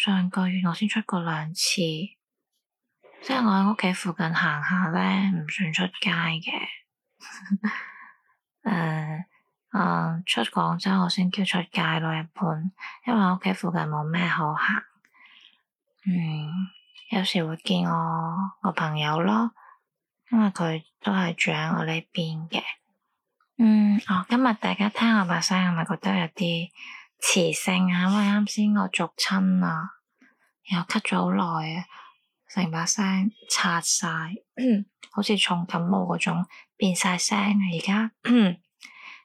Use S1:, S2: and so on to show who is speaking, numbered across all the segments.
S1: 上個月我先出過兩次，即係我喺屋企附近行下咧，唔算出街嘅。誒、 呃，啊、呃，出廣州我先叫出街咯一般，因為我屋企附近冇咩好行。
S2: 嗯，
S1: 有時會見我個朋友咯，因為佢都係住喺我呢邊嘅。嗯，哦，今日大家聽我把聲，係咪覺得有啲，磁性啊，因為啱先我逐親啊，又咳咗好耐啊，成把聲擦晒， 好似重感冒嗰種變晒聲，而家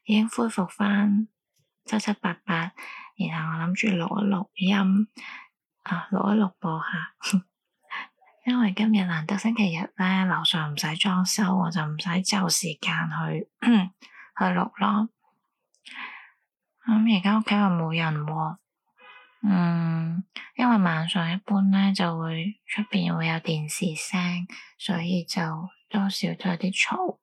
S1: 已經恢復翻七七八八，然後我諗住錄一錄音啊，錄一錄播下， 因為今日難得星期日咧，樓上唔使裝修，我就唔使就時間去 去錄咯。咁而家屋企又冇人喎，啊，嗯，因為晚上一般呢就會出面會有電視聲，所以就多少都有啲嘈。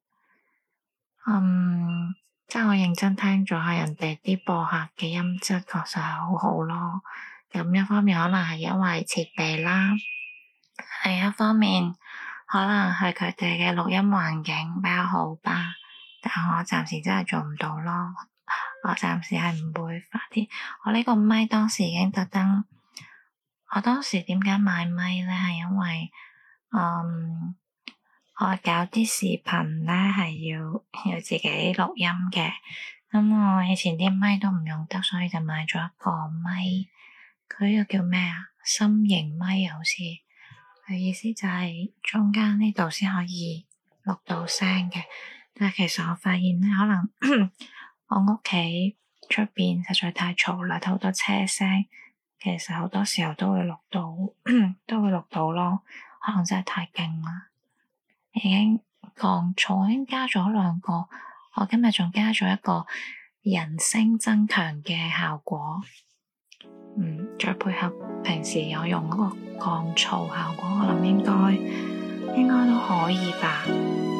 S1: 嗯，即係我認真聽咗下人哋啲播客嘅音質，確實係好好咯。咁一方面可能係因為設備啦，另一方面可能係佢哋嘅錄音環境比較好吧。但我暫時真係做唔到咯。我暫時係唔會發啲。我呢個咪當時已經特登，我當時點解買咪咧？係因為，嗯，我搞啲視頻咧係要要自己錄音嘅。咁我以前啲咪都唔用得，所以就買咗一個咪。佢呢個叫咩啊？心形咪，好似，佢意思就係中間呢度先可以錄到聲嘅。但係其實我發現咧，可能。我屋企出邊實在太嘈啦，好多車聲，其實好多時候都會錄到，都會錄到咯。可能真係太勁啦，已經降噪，已經加咗兩個，我今日仲加咗一個人聲增強嘅效果。嗯，再配合平時我用嗰個降噪效果，我諗應該應該都可以吧。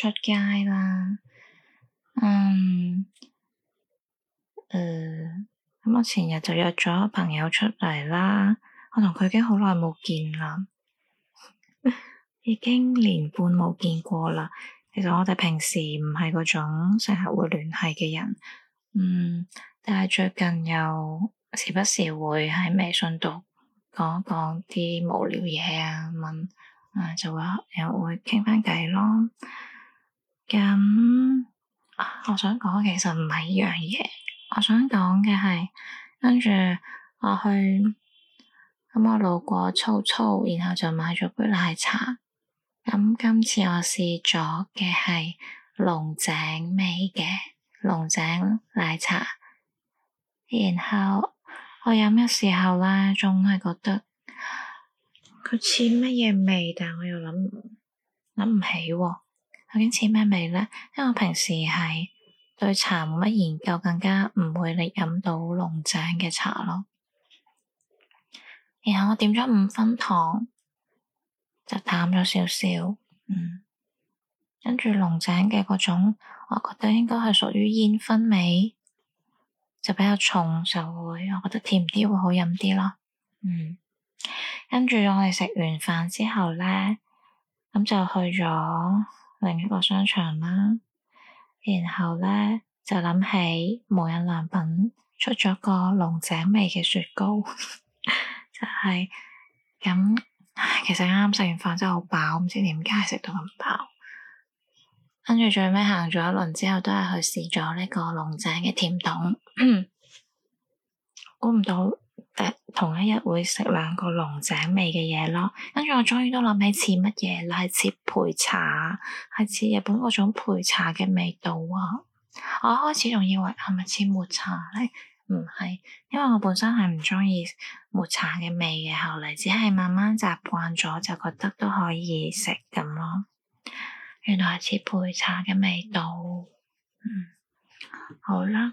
S1: 出街啦，嗯，誒、呃，咁我前日就約咗朋友出嚟啦，我同佢已經好耐冇見啦， 已經年半冇見過啦。其實我哋平時唔係嗰種成日會聯繫嘅人，嗯，但係最近又時不時會喺微信度講一講啲無聊嘢啊，問、嗯、啊就話又會傾翻偈咯。咁、嗯，我想講其實唔係呢樣嘢，我想講嘅係，跟住我去，咁我路過粗粗，然後就買咗杯奶茶。咁今次我試咗嘅係龍井味嘅龍井奶茶，然後我飲嘅時候咧，仲係覺得佢似乜嘢味，但係我又諗諗唔起喎、哦。究竟似咩味咧？因為我平時係對茶冇乜研究，更加唔會嚟飲到龍井嘅茶咯。然後我點咗五分糖，就淡咗少少，嗯。跟住龍井嘅嗰種，我覺得應該係屬於煙熏味，就比較重，就會我覺得甜啲會好飲啲咯，嗯。跟住我哋食完飯之後咧，咁就去咗。另一個商場啦，然後咧就諗起無印良品出咗個龍井味嘅雪糕， 就係、是、咁，其實啱啱食完飯真係好飽，唔知點解食到咁飽。跟住最尾行咗一輪之後，都係去試咗呢個龍井嘅甜筒，估 唔到。同一日會食兩個龍井味嘅嘢咯，跟住我終於都諗起似乜嘢啦，係似焙茶，係似日本嗰種焙茶嘅味道啊！我開始仲以為係咪似抹茶咧？唔係，因為我本身係唔中意抹茶嘅味嘅。後嚟只係慢慢習慣咗，就覺得都可以食咁咯。原來係似焙茶嘅味道，嗯，好啦。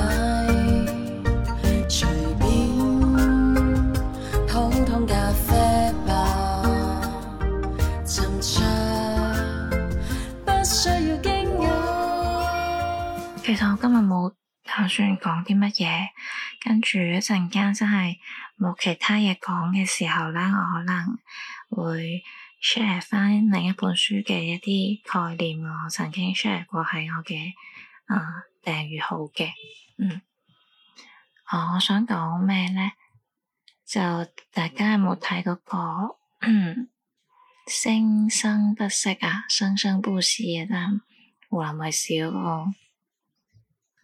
S1: 其實我今日冇打算講啲乜嘢，跟住一陣間真係冇其他嘢講嘅時候咧，我可能會 share 翻另一本書嘅一啲概念，我曾經 share 過喺我嘅啊訂閱號嘅。嗯，我想講咩咧？就大家有冇睇嗰個聲生不息啊，聲生不息啊？但湖南衛視嗰個。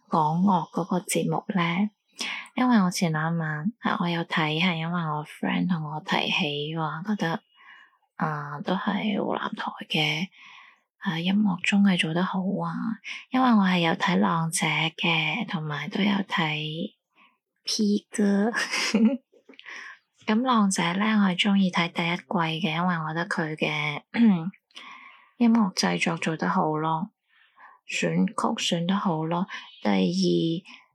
S1: 港樂嗰個節目咧，因為我前兩晚啊，我有睇，係因為我 friend 同我提起話，覺得、嗯、啊，都係湖南台嘅啊音樂綜藝做得好啊，因為我係有睇浪姐嘅，同埋都有睇 P 哥，咁 浪姐咧，我係中意睇第一季嘅，因為我覺得佢嘅 音樂製作做得好咯。選曲選得好咯。第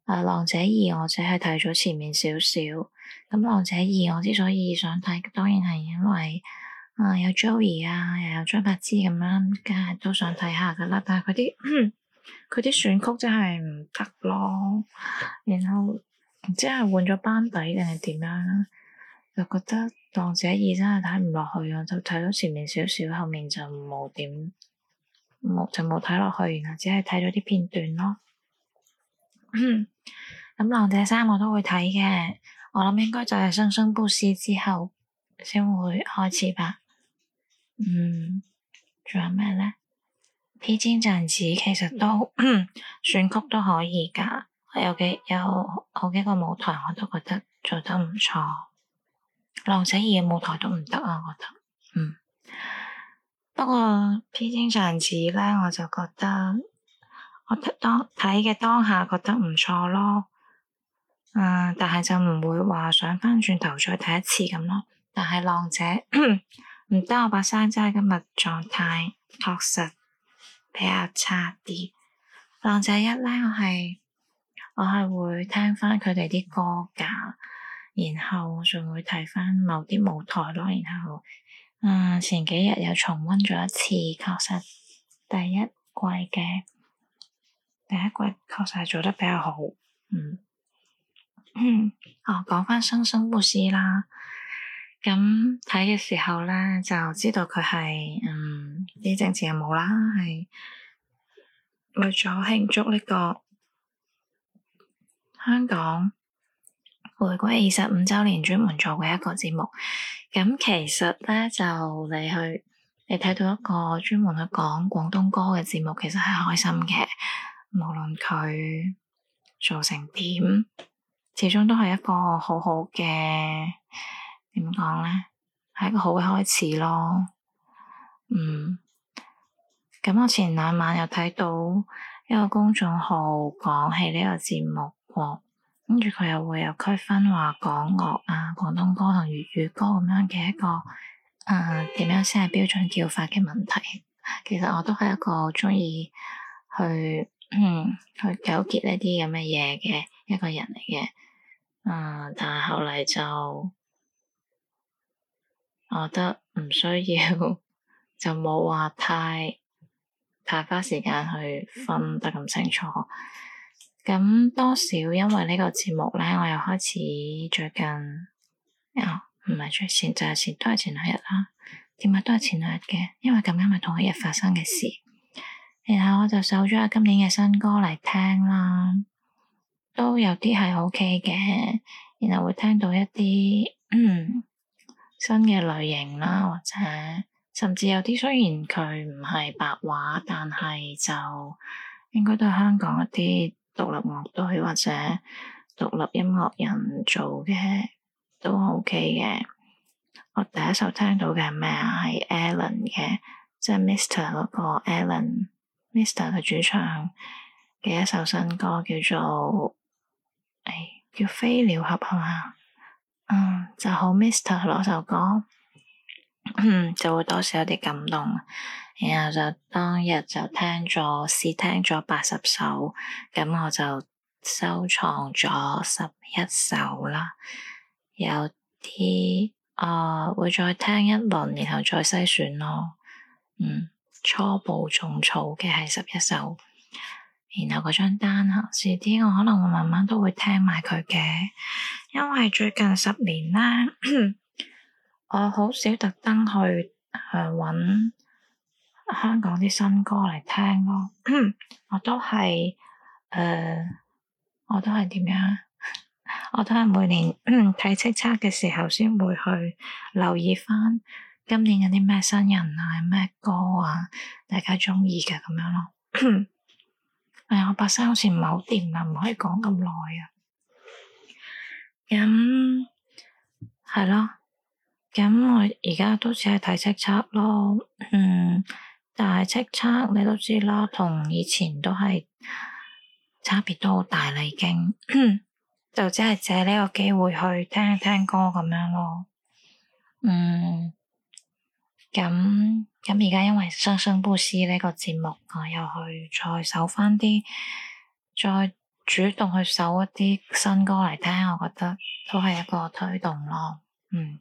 S1: 二，啊《浪姐二》，我只係睇咗前面少少。咁、嗯《浪姐二》，我之所以想睇，當然係因為啊、嗯、有 Joey 啊，又有張柏芝咁樣，梗係都想睇下噶啦。但係佢啲佢啲選曲真係唔得咯。然後即係換咗班底定係點樣，就覺得《浪姐二》真係睇唔落去，我就睇咗前面少少，後面就冇點。冇全部睇落去，然後只係睇咗啲片段咯。咁《浪姐三》我都會睇嘅，我諗應該就係《聲生不息》之後先會開始吧。嗯，仲有咩咧？披荊斬棘其實都選曲都可以噶，有幾有好幾個舞台我都覺得做得唔錯，《浪姐二》嘅舞台都唔得啊，我覺得嗯。不過披荊斬棘咧，我就覺得我當睇嘅當下覺得唔錯咯，誒，但係就唔會話想翻轉頭再睇一次咁咯。但係浪姐唔得， 我把聲真係今日狀態確實比較差啲。浪姐一咧，我係我係會聽翻佢哋啲歌噶，然後我仲會睇翻某啲舞台咯，然後。嗯，前幾日又重温咗一次，確實第一季嘅第一季確實係做得比較好，嗯， 哦，講返《聲生不息》啦，咁睇嘅時候咧，就知道佢係嗯啲政治任務啦，係為咗慶祝呢個香港回歸二十五周年專門做嘅一個節目，咁其實咧就你去你睇到一個專門去講廣東歌嘅節目，其實係開心嘅。無論佢做成點，始終都係一,一個好好嘅，點講咧，係一個好嘅開始咯。嗯，咁我前兩晚又睇到一個公眾號講起呢個節目。跟住佢又會有區分話港樂啊、廣東歌同粵語歌咁樣嘅一個誒點、呃、樣先係標準叫法嘅問題。其實我都係一個中意去嗯去糾結呢啲咁嘅嘢嘅一個人嚟嘅。誒、嗯，但係後嚟就我覺得唔需要， 就冇話太，太花花時間去分得咁清楚。咁多少因為個節呢個節目咧，我又開始最近，啊、哦，唔係最前就係、是、前，都係前兩日啦。點解都係前兩日嘅？因為咁啱咪同一日發生嘅事。然後我就搜咗下今年嘅新歌嚟聽啦，都有啲係 ok 嘅，然後會聽到一啲新嘅類型啦，或者甚至有啲雖然佢唔係白話，但係就應該都係香港一啲。獨立樂隊或者獨立音樂人做嘅都 OK 嘅。我第一首聽到嘅係咩啊？係 Alan 嘅，即係 Mr. 嗰個 Alan，Mr. 嘅主唱嘅一首新歌叫做誒、哎、叫飛鳥俠係嘛？嗯，就好 Mr. 攞首歌， 就會多少有啲感動。然後就當日就聽咗試聽咗八十首，咁我就收藏咗十一首啦。有啲啊、哦、會再聽一輪，然後再篩選咯。嗯，初步種草嘅係十一首，然後嗰張單啊，遲啲我可能會慢慢都會聽埋佢嘅，因為最近十年啦， 我好少特登去啊揾。香港啲新歌嚟聽咯，我都係誒，我都係點樣？我都係 每年睇叱咤嘅時候，先會去留意翻今年嗰啲咩新人啊，咩歌啊，大家中意嘅咁樣咯。係、 哎、我把聲好似唔係好掂啊，唔可以講咁耐啊。咁係咯，咁我而家都只係睇叱咤咯，嗯。但係叱咤，你都知啦，同以前都係差別都好大啦，已經 就只係借呢個機會去聽一聽歌咁樣咯。嗯，咁咁而家因為聲生不息呢個節目，我又去再搜翻啲，再主動去搜一啲新歌嚟聽，我覺得都係一個推動咯。嗯，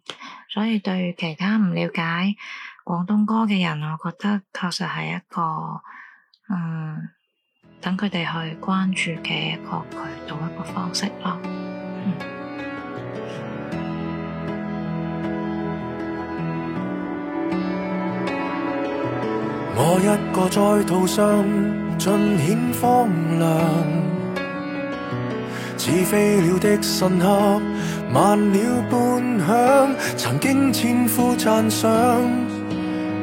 S1: 所以對於其他唔了解廣東歌嘅人，我覺得確實係一個，嗯，等佢哋去關注嘅一個渠道、一個方式咯。
S2: 我一個在途上，盡顯荒涼，似飛鳥的身合，慢了半響，曾經千呼讚賞，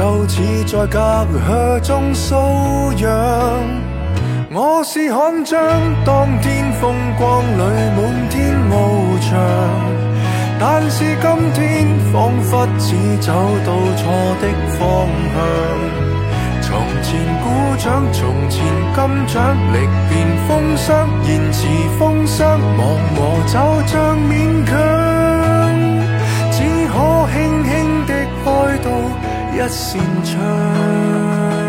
S2: 就似在隔靴中搔癢，我是看將，當天風光裏滿天翱翔，但是今天仿佛只走到錯的方向，從前鼓掌，從前金掌，歷遍風霜，延遲風霜，望我走將勉強。一扇窗。